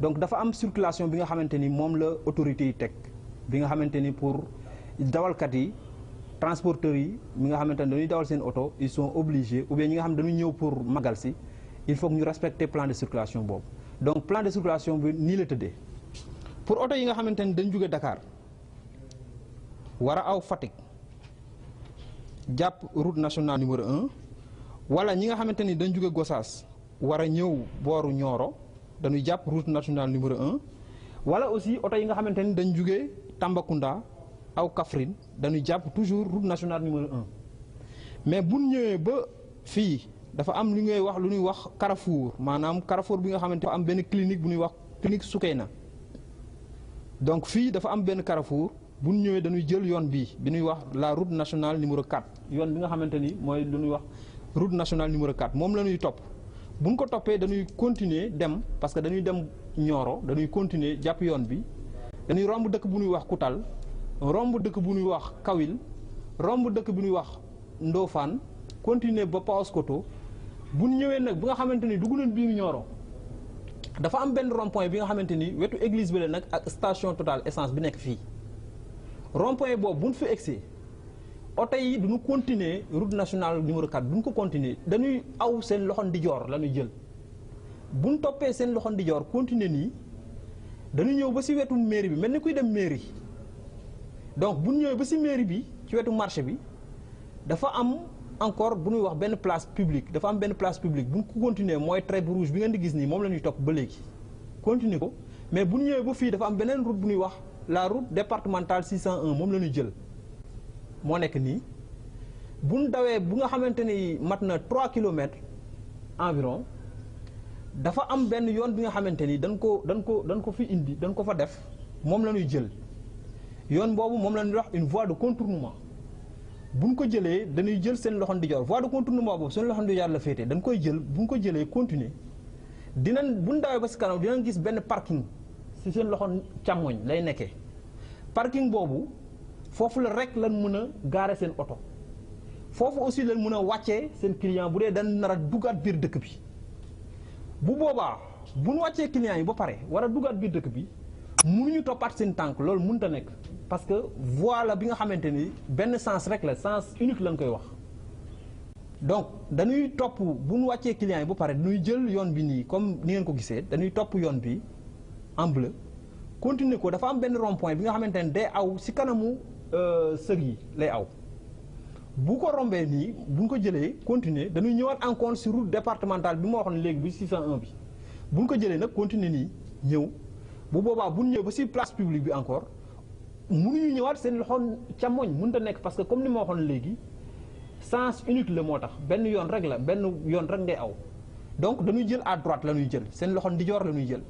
donc dafa am circulation bi nga xamante ni moom la autorité yi teg bi nga xamante ni pour dawalkat yi transporteurs yi mi nga xamante ni dañuy dawal seen oto il sont obligés ou bien ñi nga xam ne dañuy ñëw pour magal si il faut ñu respecter plan de circulation boobu donc plan de circulation bi nii la tëddee pour auto yi nga xamante ni dañ jóge Dakar war a aw Fatick jàpp route nationale numéro un wala ñi nga xamante ni dañ jóge Gossas war a ñëw booru Nioro dañuy jàpp route nationale numéro en wala aussi oto yi nga xamante ni dañ jugee Tambacounda aw Kaffrine dañuy jàpp toujours route nationale numéro un mais bu ñëwee ba fii dafa am li ngay wax lu ñuy wax Carrefour maanaam Carrefour bi nga xamante dafa am benn clinique bu ñuy wax clinique na donc fii dafa am benn Carrefour bu ñu ñëwee dañuy jël yoon bii bi ñuy wax la route nationale numéro 4 yoon bi nga xamante ni mooy lu ñuy wax route nationale numéro 4 moom la ñuy topp. buñ ko toppee dañuy continuer dem parce que dañuy dem Nioro dañuy continuer jàpp yoon bi dañuy romb dëkk bu ñuy wax Koutal romb dëkk bu ñuy wax Kawil romb dëkk bu ñuy wax Ndofane continuer ba Paoskoto bu ñu ñëwee nag bi nga xamante ni dugg nañ biir Nioro dafa am benn rond point bi nga xamante ni wetu église bi la nag ak station Total essence bi nekk fii rond point boobu bu ñu fi egsee oto yi du ñu continuer route nationale numéro 4 du ñu ko continuer dañuy aw seen loxo ndijoor la ñuy jël bu ñu toppee seen loxo ndijoor continuer nii dañu ñëw ba si wetu mairie bi mel ni kuy dem mairie donc bu ñu ñëwee ba si mairie bi ci wetu marché bi dafa am encore bu ñuy wax benn place publique dafa am benn place publique bu ñu ko continuer mooy trait rouge bi ngeen di gis nii moom la ñuy topp ba léegi continuer ko mais bu ñu ñëwee ba fii dafa am beneen route bu ñuy wax la route départementale 601 moom la ñuy jël. moo nekk nii bu ñu dawee bu nga xamante ni mat na 3 kilomètres environ dafa am benn yoon bi nga xamante ni dañ ko dañ ko dañ ko fi indi dañ ko fa def moom la ñuy jël yoon boobu moom la ñuy wax une voie de contournement bu ñu ko jëlee dañuy jël seen loxo ndijoor voie de contournement boobu seen loxo ndijoor la féetee dañ koy jël bu ñu ko jëlee continuer dinañ bu ñu dawee ba si kanam dinañ gis benn parking si seen loxo càmmoñ lay nekkee parking boobu. foofu la rek lan mën a gaare seen oto foofu aussi lan mën a wàccee seen client bu dee dañ nara a biir dëkk bi bu boobaa bu ñu wàccee client yi ba pare war duggaat biir dëkk bi mu mënuñu toppaat seen tànk loolu mënut a nekk parce que voie bi nga xamante ni benn sens rek la sens unique lañ koy wax donc dañuy topp bu ñu wàccee client yi ba pare dañuy jël yoon bi nii comme ni ngeen ko gisee dañuy topp yoon bi en continuer ko dafa am benn rond bi nga xamante ne day aw si kanamu euh, sëg yi lay aw bu ko rombee nii bu ñu ko jëlee continuer dañuy ñëwaat encore si route départementale bi ma waxoon léegi bi 601 bi bu ñu ko jëlee nag continuer nii ñëw bu boobaa bu ñu ñëwee ba si place publique bi encore mënuñu ñëwaat seen loxo càmmoñ mun te nekk parce que comme ni ma waxoon léegi sens unique la moo tax benn yoon rek la benn yoon rek ngay aw donc dañuy jël à la ñuy jël seen loxo ndijoor la ñuy jël.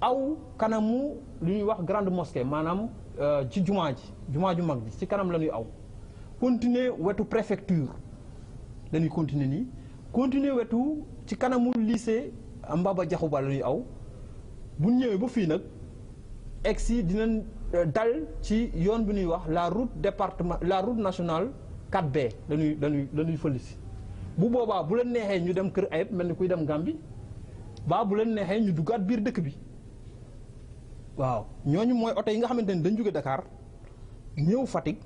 aw kanamu lu ñuy wax grande mosquée maanaam euh, ci jumaa ji jumaa ju mag ji ci kanam la ñuy aw continuer wetu préfecture la ñuy continuer nii continuer wetu ci kanamu lycée Mbaba Jaxu Ba la aw bu ñëwee ba fii nag egg dina euh, dal ci yoon bi nuy wax la route département la route nationale 4B la ñuy la ñuy bu boobaa bu leen neexee ñu dem Kër Ayib mel ni kuy dem bi baa bu leen neexee ñu duggaat biir dëkk bi waaw ñooñu mooy oto yi nga xamante ni dañ jóge Dakar ñëw Fatick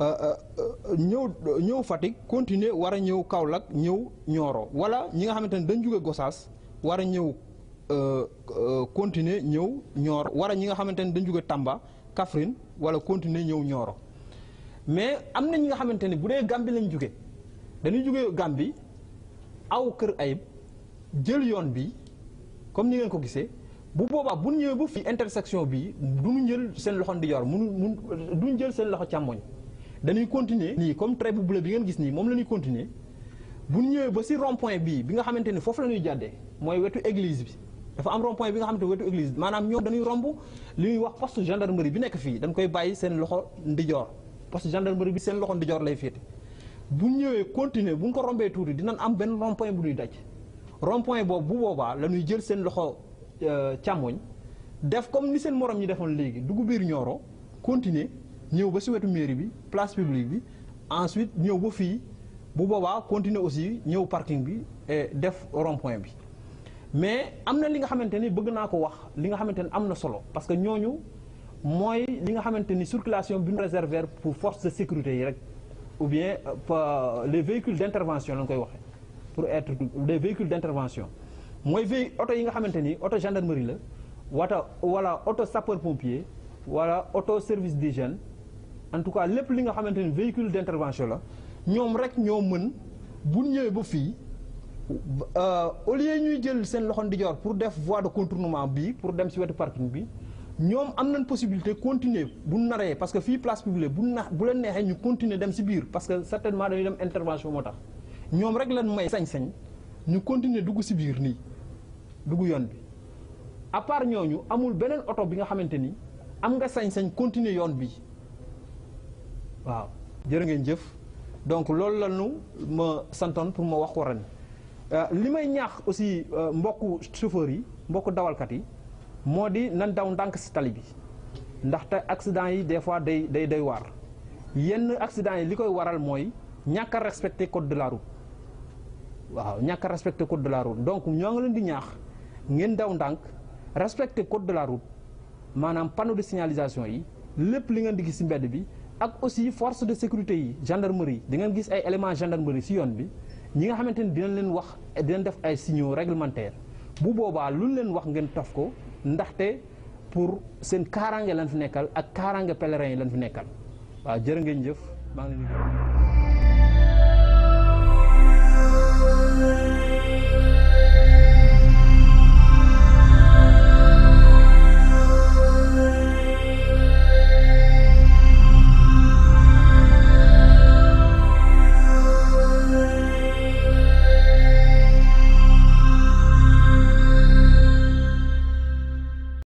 euh, euh, euh, ñëw ñëw Fatick continuer war a ñëw Kaolack ñëw Nioro wala ñi nga xamante ni dañ jóge Gossas war a ñëw continuer ñëw Nioro wara ñi nga xamante ni dañ jóge Tamba Kaffrine wala continuer ñëw Nioro mais am na ñi nga xamante ni bu dee Gambie lañ jóge dañuy jóge Gambie aw Kër Ayib jël yoon bi comme ni ngeen ko gisee bu boobaa bu ñëwee ba fii intersection bi du ñu jël seen loxo ndijoor munu mun du ñu jël seen loxo càmmoñ danuy continuer nii comme trait bu bleu bi ngeen gis nii moom la ñuy continuer bu ñu ba si rond point bi nga xamante ni foofu la ñuy jàddee mooy wetu bi dafa am rond point bi nga xamante wetu église bi maanaam ñoom dañuy romb li ñuy wax poste gendarmerie bi nekk fii dañ koy bàyyi seen loxo ndijoor poste gendarmerie bi seen loxo ndijoor lay féete bu ñëwee continuer bu ñu ko rombee tuuti dinañ am benn rond bu ñuy daj rond point boobaa la ñuy jël seen loxo Euh, càmmoñ def comme ni seen morom ñi defoon léegi dugg biir ñooro continuer ñëw ba si wetu bi place publique bi ensuite ñëw ba fii bu boobaa continuer aussi ñëw parking bi e def rond bi mais am na li nga xamante ni bëgg naa ko wax li nga xamante ni am na solo parce que ñooñu mooy li nga xamante ni circulation bi nu réserver pour force de sécurité yi rek ou bien euh, les véhicules d'intervention la ñu koy waxee pour être les véhicules d'intervention mooy véhicule oto yi nga xamante ni oto gendarmerie la wata wala oto sapeur pompier wala oto service des jeunes en tout cas lépp li nga xamante ni véhicule intervention la ñoom rek ñoo mën bu ñëwee ba fii euh, au lieu ñuy jël seen loxo ndijoor pour def voie de contournement bi pour dem si wetu parking bi ñoom am na possibilité continuer bu naree parce que fii place publique bu na bu leen neexee ñu continuer dem si biir parce que certainement dañuy dem intervention moo tax ñoom rek lan may sañ-sañ ñu continuer dugg si biir nii. dugg yoon bi à part ñooñu amul beneen oto bi nga xamante ni am nga sañ-sañ continuer yoon bi waaw jër ngeen jëf donc loolu la ñu ma santoon pour ma wax ko ren euh, li may ñaax aussi euh, mbokku chauffeurs yi mbokku dawalkat yi moo di nan daw ndànk si tali bi ndaxte accident yi des fois day day day waar yenn accident yi li koy waral mooy ñàkk a code de la route waaw ñàkk a respecter code de donc ñoo ngi leen di ñaax ngeen daw ndànk respecté code de la route maanaam panneau de signalisation yi lépp li ngeen di gis ci mbedd bi ak aussi force de sécurité yi gendarmerie di ngeen gis ay éléments gendarmerie ci yoon bi ñi nga xamante ni dinañ leen wax dinañ def ay signaux réglementaires bu boobaa luñ leen wax ngeen taf ko ndaxte pour seen kaaraange lañ fi nekkal ak kaaraange pèlerin yi lañ fi nekkal waaw jër ngeen jëf maa ngi leen